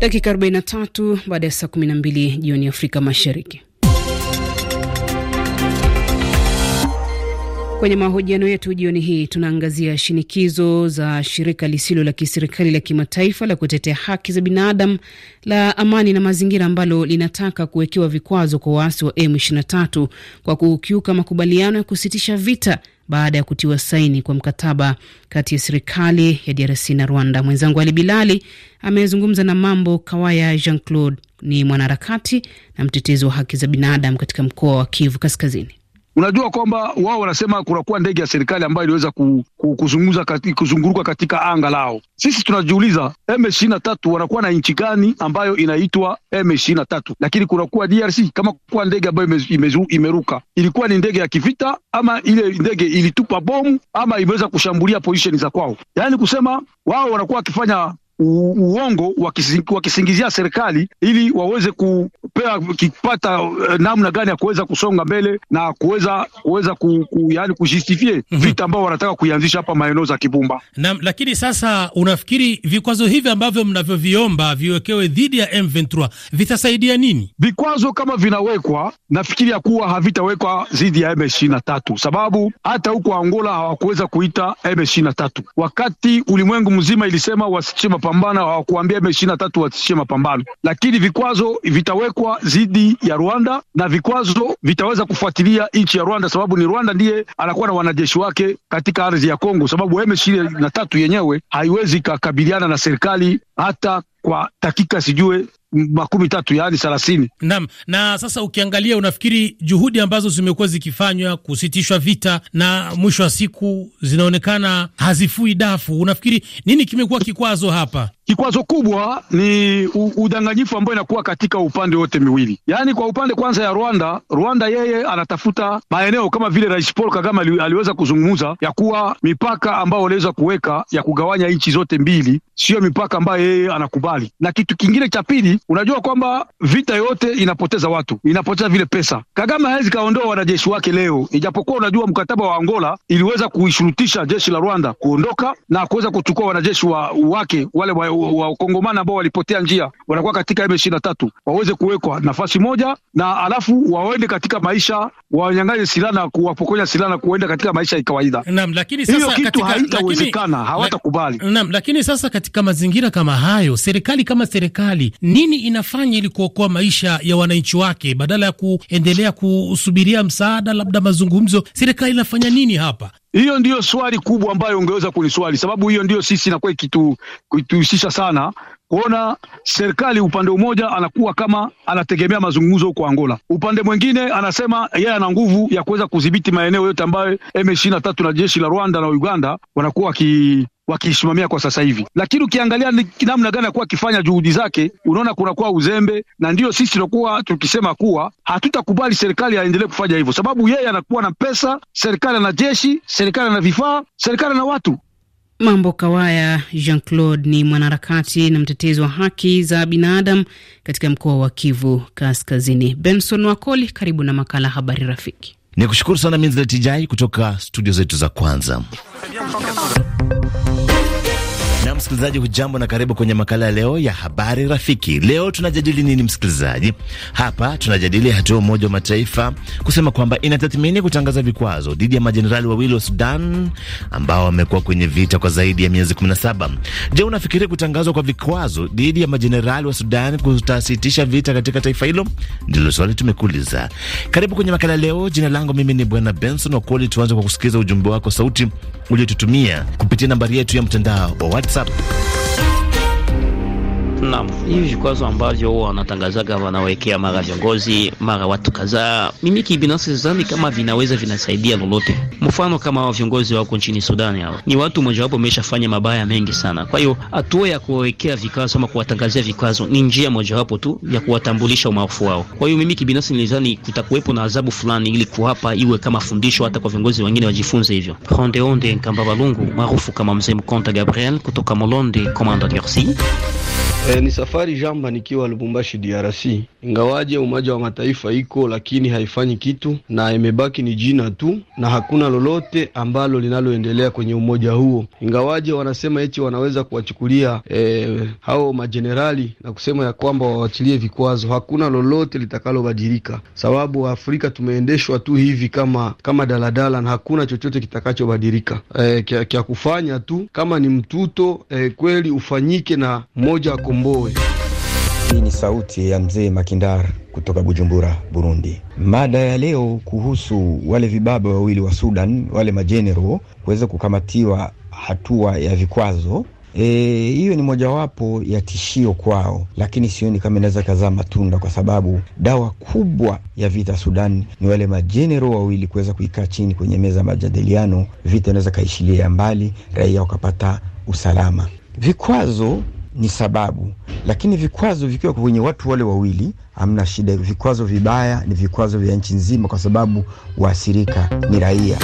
dakika 43 baada ya saa 12 jioni Afrika Mashariki. Kwenye mahojiano yetu jioni hii tunaangazia shinikizo za shirika lisilo la kiserikali la kimataifa la kutetea haki za binadamu la amani na mazingira ambalo linataka kuwekewa vikwazo kwa waasi wa M23 kwa kukiuka makubaliano ya kusitisha vita baada ya kutiwa saini kwa mkataba kati ya serikali ya DRC na Rwanda. Mwenzangu Ali Bilali amezungumza na Mambo Kawaya Jean Claude, ni mwanaharakati na mtetezi wa haki za binadamu katika mkoa wa Kivu Kaskazini. Unajua kwamba wao wanasema kunakuwa ndege ya serikali ambayo iliweza ku, ku, kuzunguza kati, kuzunguruka katika anga lao. Sisi tunajiuliza M23 wanakuwa na nchi gani ambayo inaitwa M23? Lakini kunakuwa DRC kama kuwa ndege ambayo imezu, imeruka ilikuwa ni ndege ya kivita ama ile ndege ilitupa bomu ama imeweza kushambulia position za kwao, yaani kusema wao wanakuwa wakifanya uongo wakisingizia serikali ili waweze kupea kipata eh, namna gani ya kuweza kusonga mbele na kuweza kuweza ku, ku, yani kujustifie mhm. vita ambao wanataka kuianzisha hapa maeneo za Kibumba. Na, lakini sasa unafikiri vikwazo hivi ambavyo mnavyoviomba viwekewe dhidi ya M23 vitasaidia nini? Vikwazo kama vinawekwa, nafikiri ya kuwa havitawekwa dhidi ya M23, sababu hata huko Angola hawakuweza kuita M23 wakati ulimwengu mzima ilisema wasichema kupambana, hawakuambia M23 wasishie mapambano, lakini vikwazo vitawekwa dhidi ya Rwanda na vikwazo vitaweza kufuatilia nchi ya Rwanda, sababu ni Rwanda ndiye anakuwa na wanajeshi wake katika ardhi ya Kongo, sababu M23 yenyewe haiwezi ikakabiliana na serikali hata kwa dakika sijue makumi tatu yaani thelathini. Naam. Na sasa ukiangalia, unafikiri juhudi ambazo zimekuwa zikifanywa kusitishwa vita na mwisho wa siku zinaonekana hazifui dafu, unafikiri nini kimekuwa kikwazo hapa? Kikwazo kubwa ni udanganyifu ambao inakuwa katika upande wote miwili, yaani kwa upande kwanza ya Rwanda. Rwanda yeye anatafuta maeneo kama vile Rais Paul Kagame aliweza kuzungumza ya kuwa mipaka ambayo waliweza kuweka ya kugawanya nchi zote mbili siyo mipaka ambayo yeye anakubali, na kitu kingine cha pili unajua kwamba vita yote inapoteza watu, inapoteza vile pesa. Kagame hawezi kaondoa wanajeshi wake leo, ijapokuwa unajua mkataba wa Angola iliweza kuishurutisha jeshi la Rwanda kuondoka na kuweza kuchukua wanajeshi wa wake wale wakongomana wa, wa ambao walipotea njia, wanakuwa katika M23 waweze kuwekwa nafasi moja na alafu waende katika maisha, wanyang'anye silaha na kuwapokonya silaha na kuenda katika maisha ya kawaida. Naam, lakini sasa hiyo kitu haitawezekana, hawatakubali. Naam, lakini sasa katika mazingira kama hayo, serikali kama serikali nini nini inafanya ili kuokoa maisha ya wananchi wake badala ya kuendelea kusubiria msaada, labda mazungumzo? Serikali inafanya nini hapa? Hiyo ndiyo swali kubwa ambayo ungeweza kuniswali, sababu hiyo ndiyo sisi inakuwa ikituhusisha sana kuona serikali upande mmoja anakuwa kama anategemea mazungumzo huko Angola, upande mwingine anasema yeye ana nguvu ya kuweza kudhibiti maeneo yote ambayo M ishiri na tatu na jeshi la Rwanda na Uganda wanakuwa wakiisimamia kwa sasa hivi, lakini ukiangalia namna gani akuwa akifanya juhudi zake, unaona kunakuwa uzembe, na ndiyo sisi tunakuwa tukisema kuwa hatutakubali serikali aendelee kufanya hivyo, sababu yeye anakuwa na pesa, serikali ana jeshi, serikali ana vifaa, serikali ana watu. Mambo Kawaya Jean Claude ni mwanaharakati na mtetezi wa haki za binadamu katika mkoa wa Kivu Kaskazini. Benson Wakoli, karibu na makala Habari Rafiki. Ni kushukuru sana Minzletijai kutoka studio zetu za kwanza msikilizaji, hujambo na karibu kwenye makala ya leo ya habari rafiki. Leo tunajadili nini msikilizaji? Hapa tunajadili hatua Umoja wa Mataifa kusema kwamba inatathmini kutangaza vikwazo dhidi ya majenerali wawili wa Sudan ambao wamekuwa kwenye vita kwa zaidi ya miezi 17. Je, unafikiri kutangazwa kwa vikwazo dhidi ya majenerali wa Sudan kutasitisha vita katika taifa hilo? Ndilo swali tumekuuliza. Karibu kwenye makala leo. Jina langu mimi ni Bwana Benson Wakoli. Tuanze kwa kusikiliza ujumbe wako sauti uliotutumia kupitia nambari yetu ya mtandao wa WhatsApp Eduardo. Naam, hivi vikwazo ambavyo wanatangaza gavana wanawekea mara viongozi mara watu kadhaa, mimi kibinafsi sidhani kama vinaweza vinasaidia lolote. Mfano kama wa viongozi wako nchini Sudani, hao ni watu mojawapo wameshafanya mabaya mengi sana. Kwa hiyo hatua ya kuwekea vikwazo ama kuwatangazia vikwazo ni njia mojawapo tu ya kuwatambulisha umaarufu wao. Kwa hiyo mimi kibinafsi nilidhani kutakuwepo na adhabu fulani, ili kuwapa iwe kama fundisho hata kwa viongozi wengine wajifunze hivyo. Ronde Onde Nkamba Balungu, maarufu kama Mzee Mkonta Gabriel, kutoka Molonde Commandant Merci. E, ni safari jamba nikiwa Lubumbashi DRC. Ingawaje Umoja wa Mataifa iko lakini haifanyi kitu na imebaki ni jina tu, na hakuna lolote ambalo linaloendelea kwenye umoja huo, ingawaje wanasema eti wanaweza kuwachukulia e, hao majenerali na kusema ya kwamba wawachilie vikwazo. Hakuna lolote litakalobadilika, sababu Afrika tumeendeshwa tu hivi kama kama daladala na hakuna chochote kitakachobadilika. E, kya, kya kufanya tu kama ni mtuto e, kweli ufanyike na moja kum tukumbue. Hii ni sauti ya mzee Makindar kutoka Bujumbura, Burundi. Mada ya leo kuhusu wale vibaba wawili wa Sudan, wale majenero kuweza kukamatiwa hatua ya vikwazo e, hiyo e, ni mojawapo ya tishio kwao, lakini sioni kama inaweza kazaa matunda, kwa sababu dawa kubwa ya vita Sudan ni wale majenero wawili kuweza kuikaa chini kwenye meza ya majadiliano. Vita inaweza kaishilia mbali, raia wakapata usalama. Vikwazo ni sababu, lakini vikwazo vikiwa kwenye watu wale wawili hamna shida. Vikwazo vibaya ni vikwazo vya nchi nzima, kwa sababu waathirika ni raia.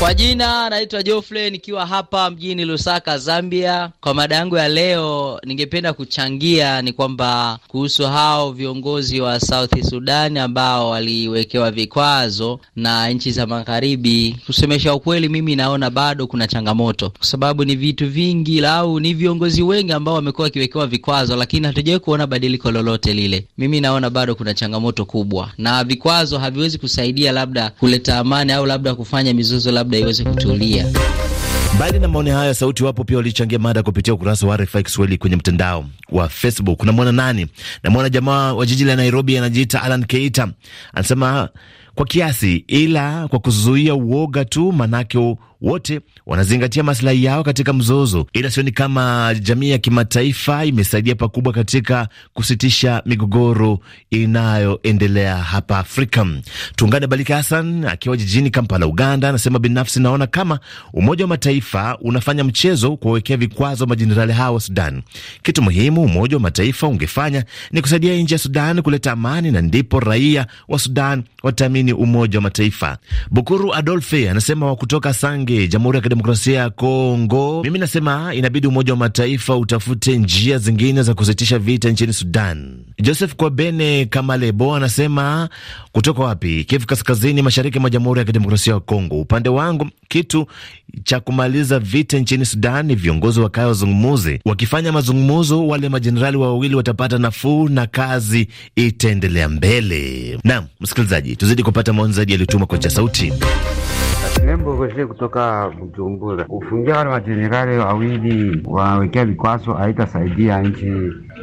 Kwa jina naitwa Geoffrey nikiwa hapa mjini Lusaka, Zambia. Kwa mada yangu ya leo, ningependa kuchangia ni kwamba kuhusu hao viongozi wa South Sudan ambao waliwekewa vikwazo na nchi za magharibi. Kusemesha ukweli, mimi naona bado kuna changamoto, kwa sababu ni vitu vingi au ni viongozi wengi ambao wamekuwa wakiwekewa vikwazo, lakini hatujawahi kuona badiliko lolote lile. Mimi naona bado kuna changamoto kubwa, na vikwazo haviwezi kusaidia labda kuleta amani au labda kufanya mizozo labda labda iweze kutulia. Mbali na maoni hayo ya sauti, wapo pia walichangia mada kupitia ukurasa wa RFI Kiswahili kwenye mtandao wa Facebook. mwana nani? Namwona jamaa wa jiji la Nairobi, anajiita Alan Keita, anasema kwa kiasi, ila kwa kuzuia uoga tu, manake wote wanazingatia maslahi yao katika mzozo, ila sioni kama jamii ya kimataifa imesaidia pakubwa katika kusitisha migogoro inayoendelea hapa Afrika. Tuungane Baliki Hassan akiwa jijini Kampala, Uganda, anasema binafsi naona kama Umoja wa Mataifa unafanya mchezo kuwawekea vikwazo majenerali hao wa Sudan. Kitu muhimu Umoja wa Mataifa ungefanya ni kusaidia nchi ya Sudan kuleta amani, na ndipo raia wa Sudan wataamini Umoja wa Mataifa. Bukuru Adolfe anasema wa kutoka Sange Kasonge, Jamhuri ya Kidemokrasia ya Kongo. Mimi nasema inabidi Umoja wa Mataifa utafute njia zingine za kusitisha vita nchini Sudan. Joseph Kwabene Kamalebo anasema kutoka wapi? Kivu Kaskazini, mashariki mwa Jamhuri ya Kidemokrasia ya Kongo. Upande wangu kitu cha kumaliza vita nchini Sudan ni viongozi wakae wazungumuzi. Wakifanya mazungumuzo, wale majenerali wawili watapata nafuu na kazi itaendelea mbele. Naam msikilizaji, tuzidi kupata maoni zaidi yaliyotumwa kwa cha sauti Embogoshe kutoka Bujumbura. ufungia wale majenerali wawili wawekea vikwazo haitasaidia nchi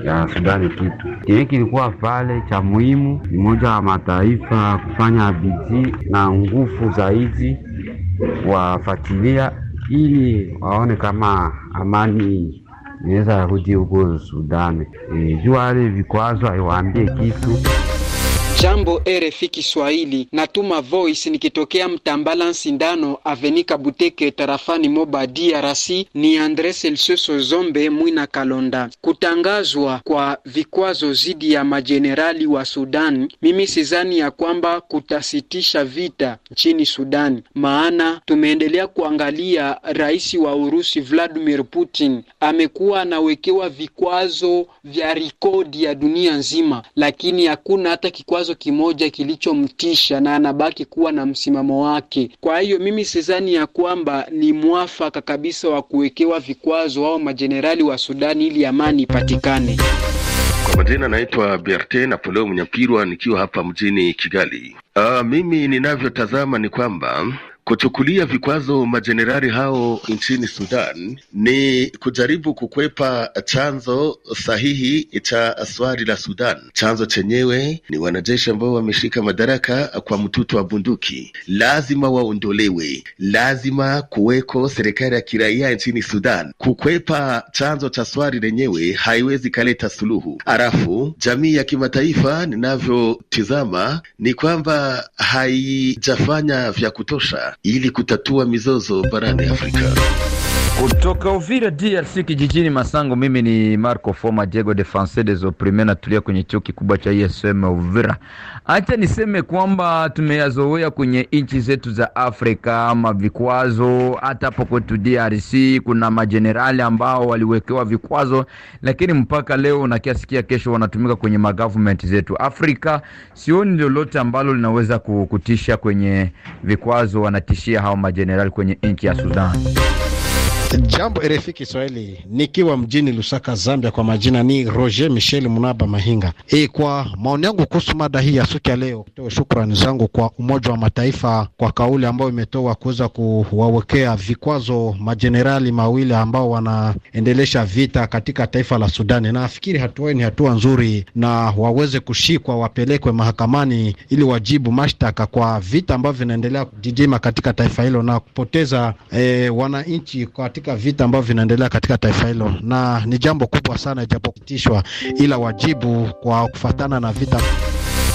ya Sudani kitu kenye kilikuwa pale cha muhimu ni moja wa mataifa kufanya bidii na nguvu zaidi wafatilia ili waone kama amani inaweza rudi huko Sudani. E, juu wale vikwazo haiwaambie kitu. Jambo RFI Kiswahili, natuma voice nikitokea Mtambala nsindano Avenika Buteke tarafani Moba DRC. Ni Andre Selsoso Zombe Mwina Kalonda. Kutangazwa kwa vikwazo dhidi ya majenerali wa Sudani, mimi sizani ya kwamba kutasitisha vita nchini Sudani, maana tumeendelea kuangalia rais wa Urusi Vladimir Putin amekuwa anawekewa vikwazo vya rikodi ya dunia nzima, lakini hakuna hata kikwazo kikwazo kimoja kilichomtisha na anabaki kuwa na msimamo wake. Kwa hiyo mimi sidhani ya kwamba ni mwafaka kabisa wa kuwekewa vikwazo au majenerali wa Sudani ili amani ipatikane. Kwa majina naitwa Berte Napoleo Mnyapirwa nikiwa hapa mjini Kigali. Aa, ah, mimi ninavyotazama ni kwamba Kuchukulia vikwazo majenerali hao nchini Sudan ni kujaribu kukwepa chanzo sahihi cha swali la Sudan. Chanzo chenyewe ni wanajeshi ambao wameshika madaraka kwa mtutu wa bunduki. Lazima waondolewe, lazima kuweko serikali ya kiraia nchini Sudan. Kukwepa chanzo cha swali lenyewe haiwezi kaleta suluhu. arafu jamii ya kimataifa, ninavyotizama ni kwamba haijafanya vya kutosha ili kutatua mizozo barani Afrika. Kutoka Uvira DRC kijijini Masango, mimi ni Marco Foma Diego de France des Opprimes, natulia kwenye chuo kikubwa cha ISM e Uvira. Acha niseme kwamba tumeyazoea kwenye nchi zetu za Afrika ama vikwazo. Hata hapo kwetu DRC kuna majenerali ambao waliwekewa vikwazo, lakini mpaka leo nakiasikia kesho wanatumika kwenye magovernment zetu. Afrika sioni lolote ambalo linaweza kukutisha kwenye vikwazo, wanatishia hao majenerali kwenye nchi ya Sudan. Jambo RFI Kiswahili, nikiwa mjini Lusaka, Zambia. Kwa majina ni Roger Michel Munaba Mahinga. E, kwa maoni yangu kuhusu mada hii ya siku ya leo, kutoa shukrani zangu kwa Umoja wa Mataifa kwa kauli ambayo imetoa kuweza kuwawekea vikwazo majenerali mawili ambao wanaendelesha vita katika taifa la Sudani. Nafikiri hatua ni hatua nzuri, na waweze kushikwa, wapelekwe mahakamani ili wajibu mashtaka kwa vita ambavyo vinaendelea kujijima katika taifa hilo na kupoteza e, wananchi kwa katika vita ambavyo vinaendelea katika taifa hilo, na ni jambo kubwa sana, ijapokutishwa ila wajibu kwa kufatana na vita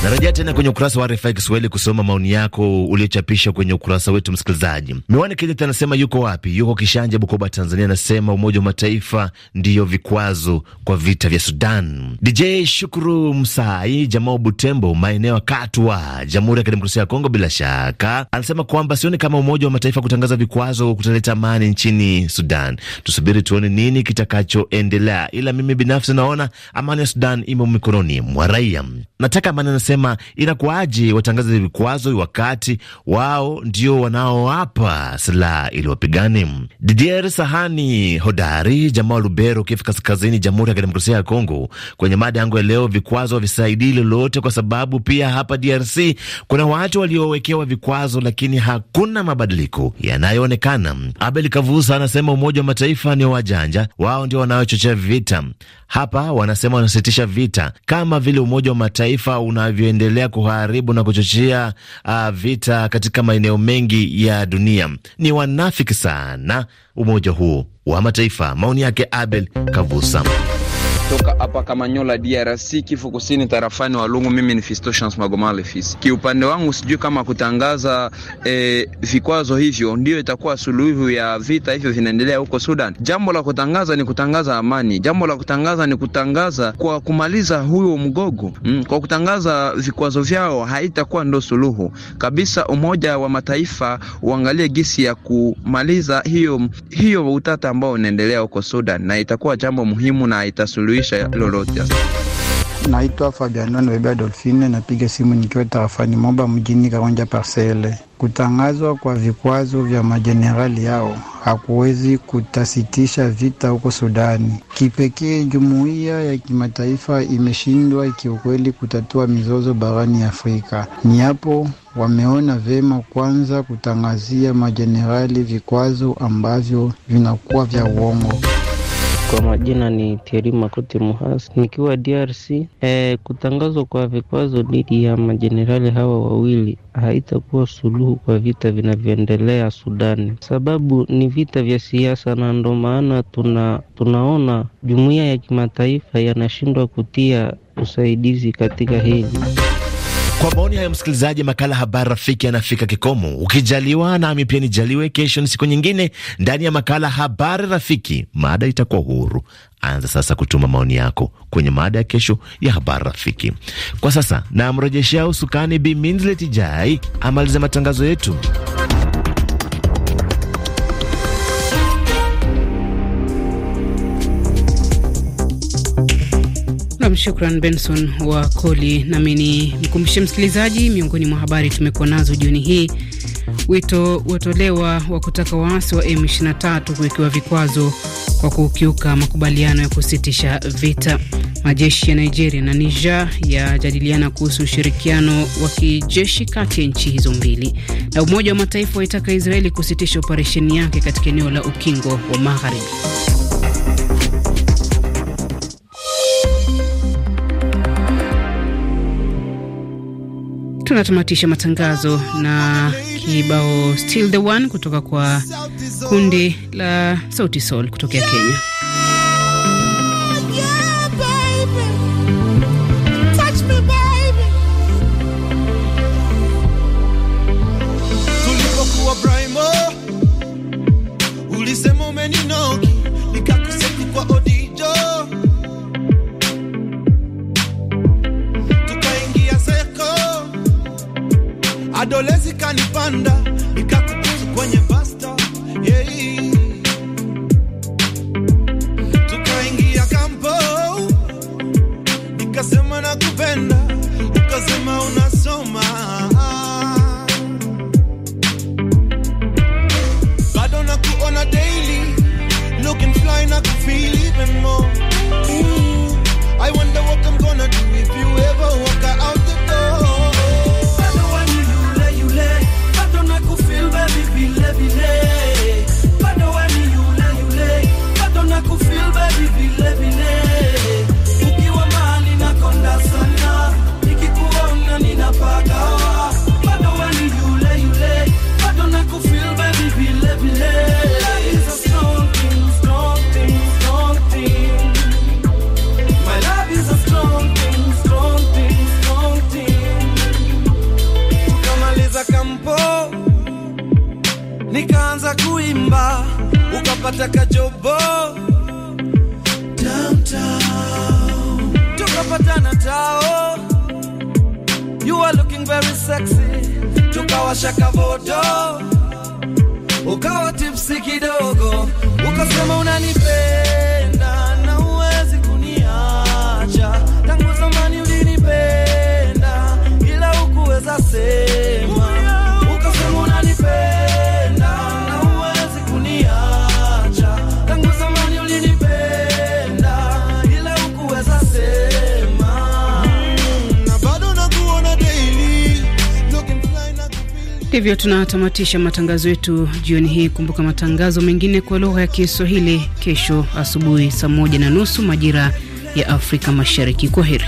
Narejea tena kwenye ukurasa wa RFI Kiswahili kusoma maoni yako uliochapisha kwenye ukurasa wetu. Msikilizaji Miwani Kidit anasema yuko wapi? Yuko Kishanja, Bukoba, Tanzania. Anasema Umoja wa Mataifa ndiyo vikwazo kwa vita vya Sudan. DJ Shukuru Msai, Jamao Butembo, maeneo ya Katwa, Jamhuri ya Kidemokrasia ya Kongo, bila shaka anasema kwamba sioni kama Umoja wa Mataifa kutangaza vikwazo kutaleta amani nchini Sudan. Tusubiri tuone nini kitakachoendelea, ila mimi binafsi naona amani ya Sudan imo mikononi mwa raia. Nataka amani wanasema inakuwaje watangaze vikwazo wakati wao ndio wanaoapa silaha ili wapigane. Didier Sahani hodari jamaa wa Lubero, Kivu Kaskazini, Jamhuri ya Kidemokrasia ya Kongo, kwenye mada yangu ya leo, vikwazo havisaidii lolote, kwa sababu pia hapa DRC kuna watu waliowekewa vikwazo, lakini hakuna mabadiliko yanayoonekana. Abel Kavusa anasema Umoja wa Mataifa ni wajanja, wao ndio wanaochochea vita. Hapa wanasema wanasitisha vita kama vile Umoja wa Mataifa unavyoendelea kuharibu na kuchochea uh, vita katika maeneo mengi ya dunia. Ni wanafiki sana umoja huo wa Mataifa. Maoni yake Abel Kavusa toka hapa Kamanyola, DRC, Kifu Kusini, tarafani Walungu. Mimi ni Fisto Chance Magoma Lefisi. Kiupande wangu sijui kama kutangaza eh, vikwazo hivyo ndio itakuwa suluhu ya vita hivyo vinaendelea huko Sudan. Jambo la kutangaza ni kutangaza amani, jambo la kutangaza ni kutangaza kwa kumaliza huyo mgogo mm. Kwa kutangaza vikwazo vyao haitakuwa ndo suluhu kabisa. Umoja wa Mataifa uangalie gisi ya kumaliza hiyo hiyo utata ambao unaendelea huko Sudan, na itakuwa jambo muhimu na itasuluhu suluhisha lolote. Naitwa Fabiano Nobeba Dolfine, napiga simu nikiwa tarafani Moba mjini Kaonja Parcele. Kutangazwa kwa vikwazo vya majenerali yao hakuwezi kutasitisha vita huko Sudani. Kipekee jumuiya ya kimataifa imeshindwa kiukweli kutatua mizozo barani Afrika. Ni hapo wameona vema kwanza kutangazia majenerali vikwazo ambavyo vinakuwa vya uongo. Kwa majina ni Thierry Makuti Muhas nikiwa DRC. E, eh, kutangazwa kwa vikwazo dhidi ya majenerali hawa wawili haitakuwa suluhu kwa vita vinavyoendelea Sudani, sababu ni vita vya siasa, na ndo maana tuna, tunaona jumuiya ya kimataifa yanashindwa kutia usaidizi katika hili. Kwa maoni hayo, msikilizaji, makala Habari Rafiki yanafika kikomo. Ukijaliwa nami pia nijaliwe, kesho ni siku nyingine ndani ya makala Habari Rafiki. Mada itakuwa huru. Anza sasa kutuma maoni yako kwenye mada ya kesho ya Habari Rafiki. Kwa sasa namrejeshea usukani Bi Minzleti Jai amalize matangazo yetu. Shukran Benson wa Koli. Nami ni mkumbushe msikilizaji, miongoni mwa habari tumekuwa nazo jioni hii, wito watolewa wa kutaka waasi wa M23 kuwekewa vikwazo kwa kukiuka makubaliano ya kusitisha vita. Majeshi ya Nigeria na Niger yajadiliana kuhusu ushirikiano wa kijeshi kati ya nchi hizo mbili, na Umoja wa Mataifa waitaka Israeli kusitisha operesheni yake katika eneo la Ukingo wa Magharibi. Tunatamatisha matangazo na kibao Still the One kutoka kwa kundi la Sauti Sol kutokea Kenya. ndivyo tunatamatisha matangazo yetu jioni hii. Kumbuka matangazo mengine kwa lugha ya Kiswahili kesho asubuhi saa moja na nusu majira ya Afrika Mashariki. Kwa heri.